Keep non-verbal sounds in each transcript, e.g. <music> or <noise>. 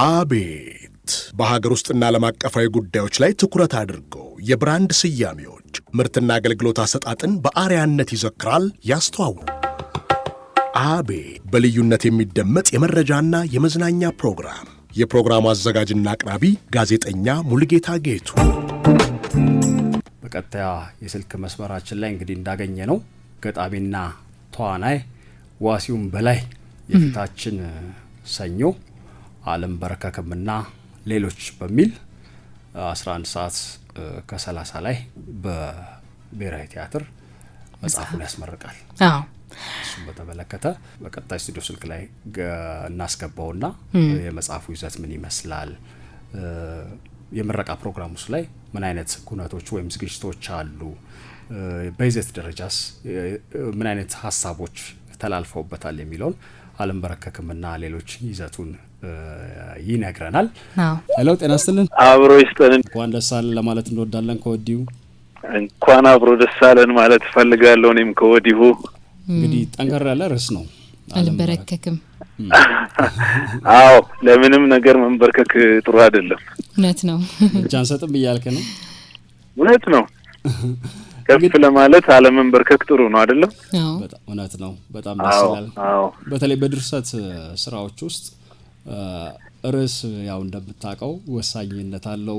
አቤት! በሀገር ውስጥና ዓለም አቀፋዊ ጉዳዮች ላይ ትኩረት አድርጎ የብራንድ ስያሜዎች ምርትና አገልግሎት አሰጣጥን በአርያነት ይዘክራል፣ ያስተዋውቃል። አቤት! በልዩነት የሚደመጥ የመረጃና የመዝናኛ ፕሮግራም። የፕሮግራሙ አዘጋጅና አቅራቢ ጋዜጠኛ ሙልጌታ ጌቱ። በቀጥታ የስልክ መስመራችን ላይ እንግዲህ እንዳገኘ ነው ገጣሚና ተዋናይ ዋሲውን በላይ የፊታችን ሰኞ አለም በረከክምና ሌሎች በሚል 11 ሰዓት ከ30 ላይ በብሔራዊ ቲያትር መጽሐፉን ያስመርቃል። እሱም በተመለከተ በቀጣይ ስቱዲዮ ስልክ ላይ እናስገባውና የመጽሐፉ ይዘት ምን ይመስላል፣ የምረቃ ፕሮግራም ውስጥ ላይ ምን አይነት ኩነቶች ወይም ዝግጅቶች አሉ፣ በይዘት ደረጃስ ምን አይነት ሀሳቦች ተላልፈውበታል የሚለውን አለም በረከክምና ሌሎች ይዘቱን ይነግረናል። ሄሎ ጤና ስትልን አብሮ ይስጠልን። እንኳን ደስ አለን ለማለት እንወዳለን ከወዲሁ እንኳን አብሮ ደስ አለን ማለት እፈልጋለሁ። እኔም ከወዲሁ እንግዲህ ጠንከር ያለ ርዕስ ነው። አልበረከክም። አዎ ለምንም ነገር መንበርከክ ጥሩ አይደለም። እውነት ነው። እጅ አንሰጥም እያልክ ነው። እውነት ነው። ከፍ ለማለት አለመንበርከክ ጥሩ ነው አይደለም? እውነት ነው። በጣም ደስ ይላል። በተለይ በድርሰት ስራዎች ውስጥ ርዕስ ያው እንደምታውቀው ወሳኝነት አለው።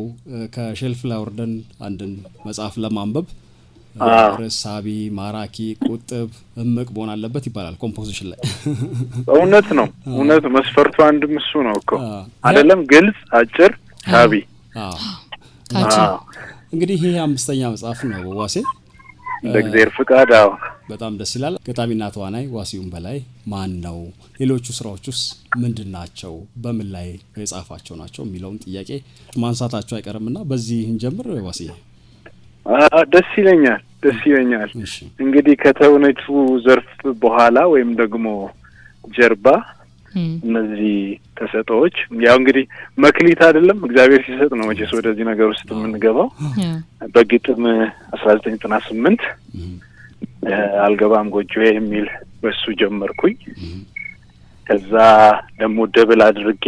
ከሼልፍ ላይ ወርደን አንድን መጽሐፍ ለማንበብ ርዕስ ሳቢ፣ ማራኪ፣ ቁጥብ፣ እምቅ መሆን አለበት ይባላል ኮምፖዚሽን ላይ። <laughs> እውነት ነው፣ እውነት መስፈርቱ አንድም እሱ ነው እኮ አይደለም? ግልጽ፣ አጭር፣ ሳቢ። እንግዲህ ይህ አምስተኛ መጽሐፍ ነው ዋሴ፣ እንደ እግዜር ፍቃድ። አዎ በጣም ደስ ይላል። ገጣሚና ተዋናይ ዋሲሁን በላይ ማን ነው? ሌሎቹ ስራዎች ውስጥ ምንድን ናቸው? በምን ላይ የጻፋቸው ናቸው የሚለውን ጥያቄ ማንሳታቸው አይቀርምና በዚህ እንጀምር። ዋሲ ደስ ይለኛል፣ ደስ ይለኛል። እንግዲህ ከተውኔቱ ዘርፍ በኋላ ወይም ደግሞ ጀርባ እነዚህ ተሰጥኦዎች ያው እንግዲህ መክሊት አይደለም እግዚአብሔር ሲሰጥ ነው መቼስ ወደዚህ ነገር ውስጥ የምንገባው። በግጥም አስራ ዘጠኝ ጥና ስምንት አልገባም ጎጆ የሚል በሱ ጀመርኩኝ። ከዛ ደግሞ ደብል አድርጌ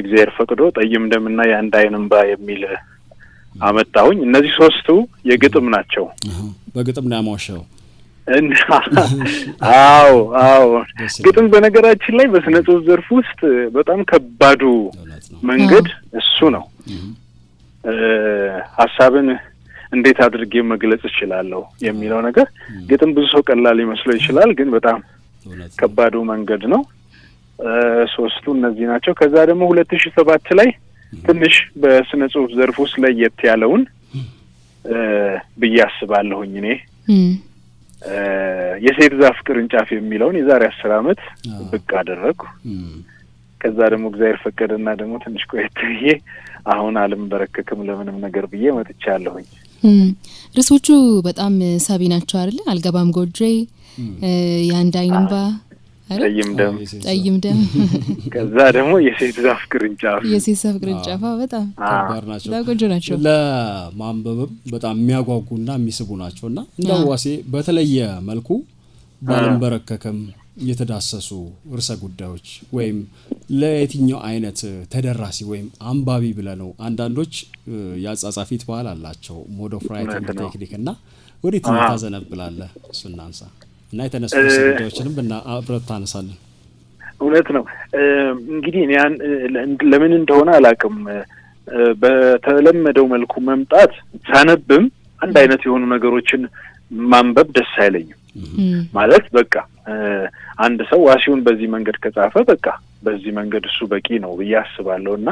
እግዚአብሔር ፈቅዶ ጠይም ደምና የአንድ አይን እምባ የሚል አመጣሁኝ። እነዚህ ሶስቱ የግጥም ናቸው። በግጥም ነው ያሟሸው። አዎ አዎ፣ ግጥም በነገራችን ላይ በስነ ጽሁፍ ዘርፍ ውስጥ በጣም ከባዱ መንገድ እሱ ነው። ሀሳብን እንዴት አድርጌ መግለጽ እችላለሁ የሚለው ነገር ግጥም ብዙ ሰው ቀላል ሊመስለው ይችላል፣ ግን በጣም ከባዱ መንገድ ነው። ሶስቱ እነዚህ ናቸው። ከዛ ደግሞ ሁለት ሺ ሰባት ላይ ትንሽ በስነ ጽሁፍ ዘርፍ ውስጥ ለየት ያለውን ብዬ አስባለሁኝ እኔ የሴት ዛፍ ቅርንጫፍ የሚለውን የዛሬ አስር አመት ብቅ አደረግኩ። ከዛ ደግሞ እግዚአብሔር ፈቀደና ደግሞ ትንሽ ቆየት ብዬ አሁን አልንበረከክም ለምንም ነገር ብዬ መጥቻለሁኝ። ርዕሶቹ በጣም ሳቢ ናቸው አይደለ? አልገባም ጎድሬ፣ የአንድ አይንባ፣ ጠይም ደም፣ ጠይም ደም፣ <laughs> ከዛ ደግሞ የሴት ዛፍ ቅርንጫፍ፣ የሴት ዛፍ ቅርንጫፍ በጣም ከባድ ናቸው። ቆንጆ ናቸው፣ ለማንበብም በጣም የሚያጓጉና የሚስቡ ናቸው እና እንደ ዋሴ በተለየ መልኩ ባልንበረከከም የተዳሰሱ ርዕሰ ጉዳዮች ወይም ለየትኛው አይነት ተደራሲ ወይም አንባቢ ብለ ነው። አንዳንዶች የአጻጻፊት ባህል አላቸው ሞድ ኦፍ ራይቲንግ ቴክኒክ እና ወዴት ታዘነብላለህ? ስናንሳ እና የተነሱ ጉዳዮችንም ብና አብረት ታነሳለን። እውነት ነው እንግዲህ ያን ለምን እንደሆነ አላውቅም። በተለመደው መልኩ መምጣት ሳነብም አንድ አይነት የሆኑ ነገሮችን ማንበብ ደስ አይለኝም ማለት በቃ አንድ ሰው ዋሲውን በዚህ መንገድ ከጻፈ በቃ በዚህ መንገድ እሱ በቂ ነው ብዬ አስባለሁ እና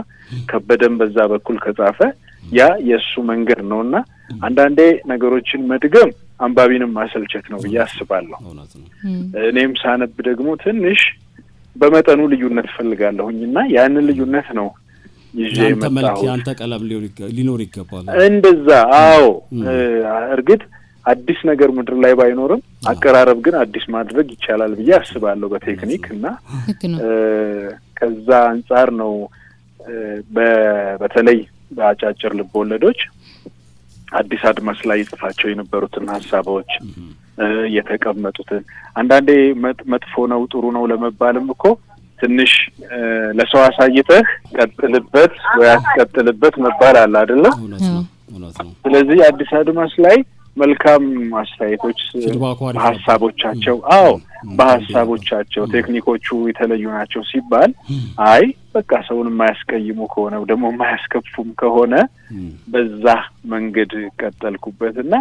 ከበደም በዛ በኩል ከጻፈ ያ የእሱ መንገድ ነው እና አንዳንዴ ነገሮችን መድገም አንባቢንም ማሰልቸት ነው ብዬ አስባለሁ። እኔም ሳነብ ደግሞ ትንሽ በመጠኑ ልዩነት እፈልጋለሁኝ እና ያንን ልዩነት ነው ይዤ ቀለም ሊኖር ይገባል እንደዛ። አዎ እርግጥ አዲስ ነገር ምድር ላይ ባይኖርም አቀራረብ ግን አዲስ ማድረግ ይቻላል ብዬ አስባለሁ በቴክኒክ እና ከዛ አንጻር ነው በተለይ በአጫጭር ልብ ወለዶች አዲስ አድማስ ላይ ይጽፋቸው የነበሩትን ሀሳቦች የተቀመጡትን አንዳንዴ መጥፎ ነው ጥሩ ነው ለመባልም እኮ ትንሽ ለሰው አሳይተህ ቀጥልበት ወይ አስቀጥልበት መባል አለ አይደለም። ስለዚህ አዲስ አድማስ ላይ መልካም አስተያየቶች በሀሳቦቻቸው፣ አዎ በሀሳቦቻቸው ቴክኒኮቹ የተለዩ ናቸው ሲባል አይ በቃ ሰውን የማያስቀይሙ ከሆነ ደግሞ የማያስከፉም ከሆነ በዛ መንገድ ቀጠልኩበት እና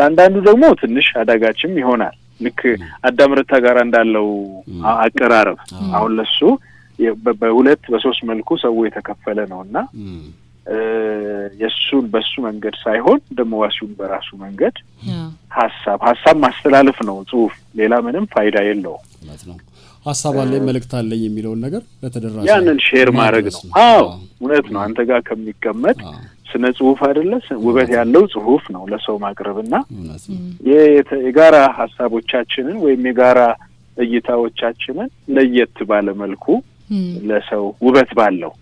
ለአንዳንዱ ደግሞ ትንሽ አዳጋችም ይሆናል። ልክ አዳም ረታ ጋር እንዳለው አቀራረብ አሁን ለሱ በሁለት በሶስት መልኩ ሰው የተከፈለ ነው እና የእሱን በሱ መንገድ ሳይሆን ደግሞ ዋሲውን በራሱ መንገድ ሀሳብ ሀሳብ ማስተላለፍ ነው። ጽሁፍ ሌላ ምንም ፋይዳ የለው ነው። ሀሳብ አለኝ መልእክት አለኝ የሚለውን ነገር ለተደራ ያንን ሼር ማድረግ ነው። አዎ እውነት ነው። አንተ ጋር ከሚቀመጥ ስነ ጽሁፍ አይደለ ውበት ያለው ጽሁፍ ነው ለሰው ማቅረብና የጋራ ሀሳቦቻችንን ወይም የጋራ እይታዎቻችንን ለየት ባለ መልኩ ለሰው ውበት ባለው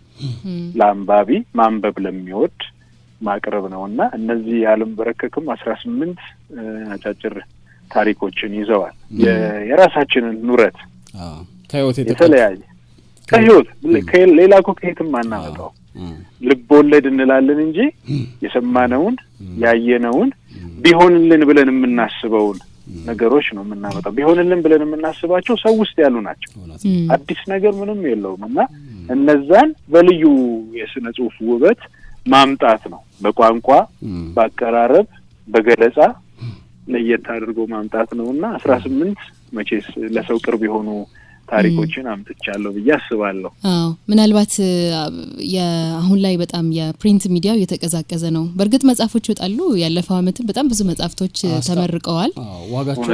ለአንባቢ ማንበብ ለሚወድ ማቅረብ ነው እና እነዚህ የአለም በረከክም አስራ ስምንት አጫጭር ታሪኮችን ይዘዋል። የራሳችንን ኑረት የተለያየ ከህይወት ሌላ እኮ ከየትም አናመጣው። እንላለን እንጂ የሰማነውን ያየነውን ቢሆንልን ብለን የምናስበውን ነገሮች ነው የምናመጣው። ቢሆንልን ብለን የምናስባቸው ሰው ውስጥ ያሉ ናቸው። አዲስ ነገር ምንም የለውም እና እነዛን በልዩ የስነ ጽሁፍ ውበት ማምጣት ነው። በቋንቋ፣ በአቀራረብ፣ በገለጻ ለየት አድርጎ ማምጣት ነው እና አስራ ስምንት መቼስ ለሰው ቅርብ የሆኑ ታሪኮችን አምጥቻለሁ ብዬ አስባለሁ። አዎ ምናልባት አሁን ላይ በጣም የፕሪንት ሚዲያው እየተቀዛቀዘ ነው። በእርግጥ መጽሐፎች ይወጣሉ። ያለፈው ዓመትም በጣም ብዙ መጽሐፍቶች ተመርቀዋል። ዋጋቸው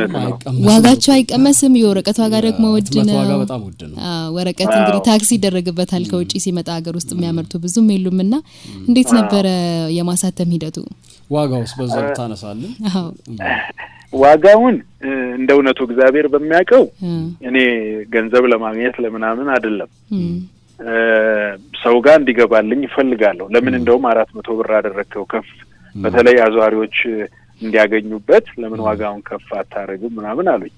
አይቀመስም። የወረቀት ዋጋ ደግሞ ውድ ነው። ወረቀት እንግዲህ ታክስ ይደረግበታል ከውጭ ሲመጣ። ሀገር ውስጥ የሚያመርቱ ብዙም የሉም እና እንዴት ነበረ የማሳተም ሂደቱ? ዋጋውስ በዛ ታነሳለን ዋጋውን እንደ እውነቱ እግዚአብሔር በሚያውቀው እኔ ገንዘብ ለማግኘት ለምናምን አይደለም ሰው ጋር እንዲገባልኝ ይፈልጋለሁ። ለምን እንደውም አራት መቶ ብር አደረግከው ከፍ በተለይ አዟሪዎች እንዲያገኙበት ለምን ዋጋውን ከፍ አታደርግም ምናምን አሉኝ።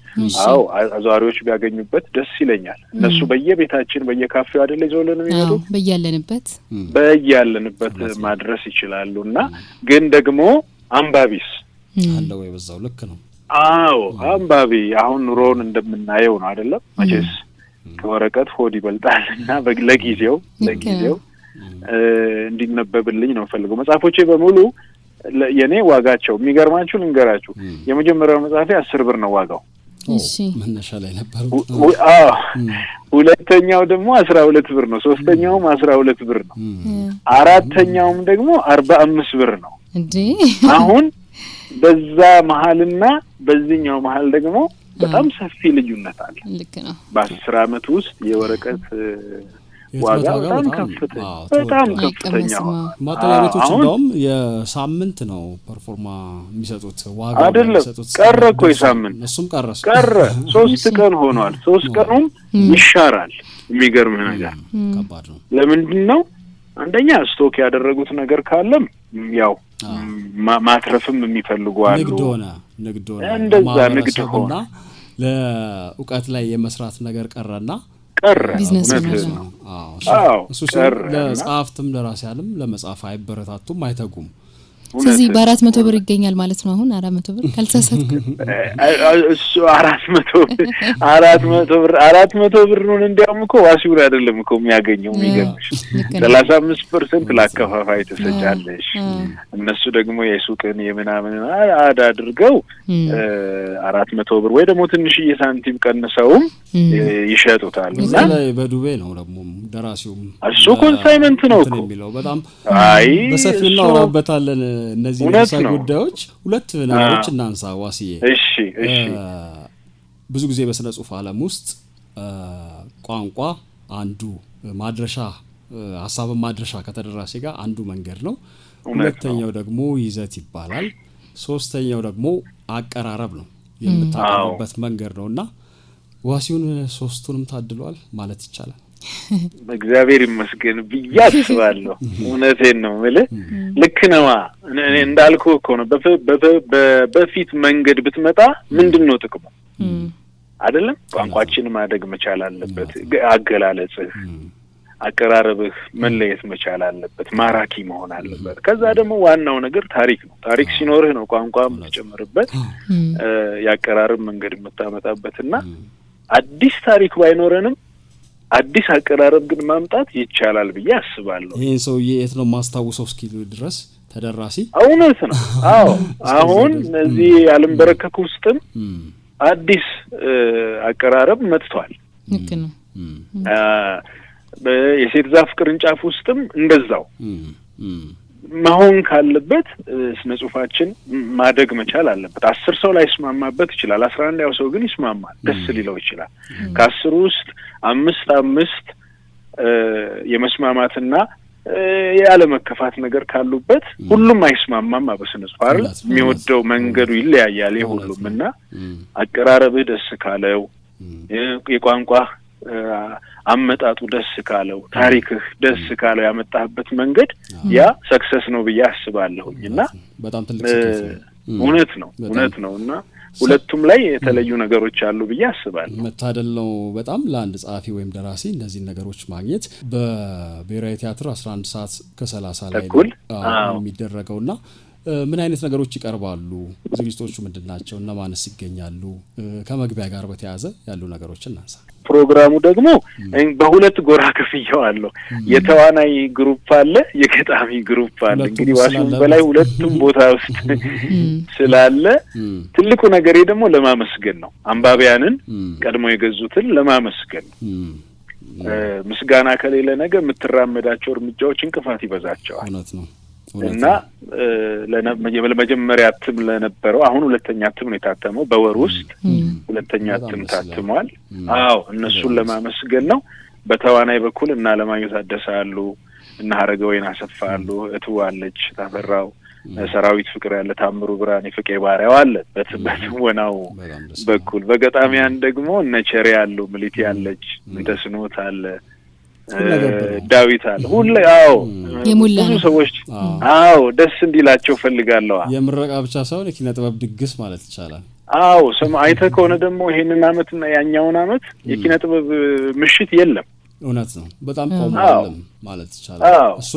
አዎ አዟሪዎች ቢያገኙበት ደስ ይለኛል። እነሱ በየቤታችን በየካፌው አይደል ይዘውልን የሚመጡ በያለንበት በያለንበት ማድረስ ይችላሉ እና ግን ደግሞ አንባቢስ አለው የበዛው ልክ ነው። አዎ አንባቢ አሁን ኑሮውን እንደምናየው ነው አይደለም። መቼስ ከወረቀት ሆድ ይበልጣል እና ለጊዜው ለጊዜው እንዲነበብልኝ ነው ፈልገው መጽሐፎቼ በሙሉ የእኔ ዋጋቸው የሚገርማችሁ ልንገራችሁ። የመጀመሪያው መጽሐፌ አስር ብር ነው ዋጋው መነሻ ላይ ነበር። ሁለተኛው ደግሞ አስራ ሁለት ብር ነው። ሶስተኛውም አስራ ሁለት ብር ነው። አራተኛውም ደግሞ አርባ አምስት ብር ነው። አሁን በዛ መሀልና በዚህኛው መሀል ደግሞ በጣም ሰፊ ልዩነት አለ። ልክ ነው። በአስር አመት ውስጥ የወረቀት ዋጋ በጣም ከፍተኛ በጣም ከፍተኛ ማጠቢያ ቤቶች እንደውም የሳምንት ነው ፐርፎርማ የሚሰጡት ዋጋ አይደለም። ቀረ እኮ የሳምንት እሱም ቀረ ቀረ <laughs> ሶስት ቀን ሆኗል። <laughs> ሶስት ቀኑም ይሻራል። የሚገርም ነገር ከባድ ነው። ለምንድን ነው አንደኛ ስቶክ ያደረጉት ነገር ካለም ያው ማትረፍም የሚፈልጉ አሉ። ንግድ ሆነ ንግድ ሆነ እንደዛ ንግድ ሆነ ለእውቀት ላይ የመስራት ነገር ቀረና ቀረ ቢዝነስ ነው እሱ ቀረ። ለጸሐፍትም ለራሲያንም ለመጻፍ አይበረታቱም አይተጉም። ስለዚህ በአራት መቶ ብር ይገኛል ማለት ነው። አሁን አራት መቶ ብር ካልተሳሳትኩ <laughs> እሱ አራት መቶ ብር አራት መቶ ብር አራት መቶ ብር ብሩን እንዲያውም እኮ ዋሲውር አይደለም እኮ የሚያገኘው የሚገርምሽ፣ ሰላሳ አምስት ፐርሰንት ለአከፋፋይ ትሰጫለሽ። እነሱ ደግሞ የሱቅን የምናምን አድ አድርገው አራት መቶ ብር ወይ ደግሞ ትንሽዬ ሳንቲም ቀንሰውም ይሸጡታል። ላይ በዱቤ ነው ደግሞ ደራሲውም እሱ ኮንሳይመንት ነው እኮ በጣም አይ በሰፊ እናወራበታለን እነዚህ ርዕሰ ጉዳዮች ሁለት ነገሮች እናንሳ ዋስዬ። ብዙ ጊዜ በስነ ጽሁፍ ዓለም ውስጥ ቋንቋ አንዱ ማድረሻ ሀሳብን ማድረሻ ከተደራሴ ጋር አንዱ መንገድ ነው። ሁለተኛው ደግሞ ይዘት ይባላል። ሶስተኛው ደግሞ አቀራረብ ነው፣ የምታቀርብበት መንገድ ነው እና ዋሲውን ሶስቱንም ታድሏል ማለት ይቻላል። እግዚአብሔር ይመስገን ብዬ አስባለሁ። <laughs> እውነቴን ነው ምል ልክ ነዋ እንዳልኩ እኮ ነው። በፊት መንገድ ብትመጣ ምንድን ነው ጥቅሙ? አይደለም ቋንቋችን ማደግ መቻል አለበት። አገላለጽህ፣ አቀራረብህ መለየት መቻል አለበት። ማራኪ መሆን አለበት። ከዛ ደግሞ ዋናው ነገር ታሪክ ነው። ታሪክ ሲኖርህ ነው ቋንቋ የምትጨምርበት የአቀራረብ መንገድ የምታመጣበት እና አዲስ ታሪክ ባይኖረንም አዲስ አቀራረብ ግን ማምጣት ይቻላል ብዬ አስባለሁ። ይህ ሰውዬ የት ነው ማስታውሰው እስኪ ድረስ ተደራሲ እውነት ነው። <laughs> አዎ አሁን እነዚህ ያልንበረከክ ውስጥም አዲስ አቀራረብ መጥቷል። ልክ ነው። የሴት ዛፍ ቅርንጫፍ ውስጥም እንደዛው መሆን ካለበት ስነ ጽሁፋችን ማደግ መቻል አለበት። አስር ሰው ላይስማማበት ይችላል። አስራ አንድ ያው ሰው ግን ይስማማል፣ ደስ ሊለው ይችላል። ከአስሩ ውስጥ አምስት አምስት የመስማማትና ያለመከፋት ነገር ካሉበት ሁሉም አይስማማም። በስነ ጽሁፍ አይደል የሚወደው መንገዱ ይለያያል ሁሉም እና አቀራረብህ ደስ ካለው የቋንቋ አመጣጡ ደስ ካለው ታሪክህ ደስ ካለው ያመጣህበት መንገድ ያ ሰክሰስ ነው ብዬ አስባለሁኝ እና በጣም ትልቅ እውነት ነው እውነት ነው እና ሁለቱም ላይ የተለዩ ነገሮች አሉ ብዬ አስባለሁ። መታደል ነው በጣም ለአንድ ጸሐፊ ወይም ደራሲ እነዚህን ነገሮች ማግኘት። በብሔራዊ ቲያትር አስራ አንድ ሰዓት ከሰላሳ ላይ ና ምን አይነት ነገሮች ይቀርባሉ? ዝግጅቶቹ ምንድን ናቸው? እነማንስ ይገኛሉ? ከመግቢያ ጋር በተያያዘ ያሉ ነገሮች እናንሳ። ፕሮግራሙ ደግሞ በሁለት ጎራ አለው <laughs> የተዋናይ ግሩፕ አለ፣ የገጣሚ ግሩፕ አለ። እንግዲህ ዋሽም በላይ ሁለቱም ቦታ ውስጥ <laughs> ስላለ ትልቁ ነገሬ ደግሞ ለማመስገን ነው። አንባቢያንን ቀድሞ የገዙትን ለማመስገን ነው። ምስጋና ከሌለ ነገ የምትራመዳቸው እርምጃዎች እንቅፋት ይበዛቸዋል። እውነት ነው። እና ለመጀመሪያ እትም ለነበረው አሁን ሁለተኛ እትም ነው የታተመው። በወር ውስጥ ሁለተኛ እትም ታትሟል። አዎ እነሱን ለማመስገን ነው። በተዋናይ በኩል እና አለማየሁ ታደሰ አሉ እና ሀረገወይን አሰፋ አሉ፣ እትው አለች፣ ታፈራው ሰራዊት ፍቅር ያለ ታምሩ ብርሃን የፍቄ ባሪያው አለ በትወናው በኩል። በገጣሚያን ደግሞ እነ ቸሬ አሉ፣ ምሊቲ አለች፣ እንተስኖት አለ ዳዊት አለ ሁሌ አዎ፣ ብዙ ሰዎች አዎ፣ ደስ እንዲላቸው ፈልጋለዋ። የምረቃ ብቻ ሳይሆን የኪነ ጥበብ ድግስ ማለት ይቻላል። አዎ፣ ስም አይተ ከሆነ ደግሞ ይሄንን አመትና ያኛውን አመት የኪነ ጥበብ ምሽት የለም። እውነት ነው። በጣም ቆማለም ማለት ይቻላል።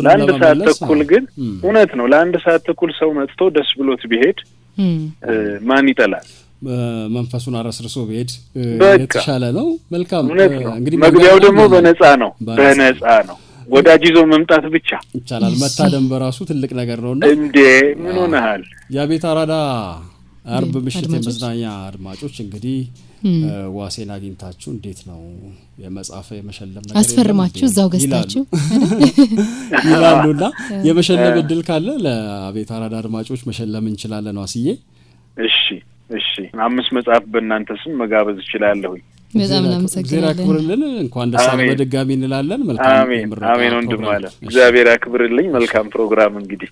ለአንድ ሰዓት ተኩል ግን እውነት ነው። ለአንድ ሰዓት ተኩል ሰው መጥቶ ደስ ብሎት ቢሄድ ማን ይጠላል? መንፈሱን አረስርሶ ብሄድ የተሻለ ነው። መልካም እንግዲህ መግቢያው ደግሞ በነጻ ነው፣ በነጻ ነው። ወዳጅ ይዞ መምጣት ብቻ ይቻላል። መታደም በራሱ ትልቅ ነገር ነው እና እንዴ ምን ሆነሃል? የቤት አራዳ አርብ ምሽት የመዝናኛ አድማጮች እንግዲህ ዋሴን አግኝታችሁ እንዴት ነው የመጻፈ የመሸለም ነገር አስፈርማችሁ እዛው ገዝታችሁ <laughs> ይላሉና የመሸለም እድል ካለ ለአቤት አራዳ አድማጮች መሸለም እንችላለን ዋስዬ እሺ አምስት መጽሐፍ በእናንተ ስም መጋበዝ እችላለሁኝ። በጣም እግዚአብሔር አክብርልን። እንኳን ደስ አለ በድጋሚ እንላለን። መልካም አሜን አሜን። ወንድም አለ እግዚአብሔር አክብርልኝ። መልካም ፕሮግራም እንግዲህ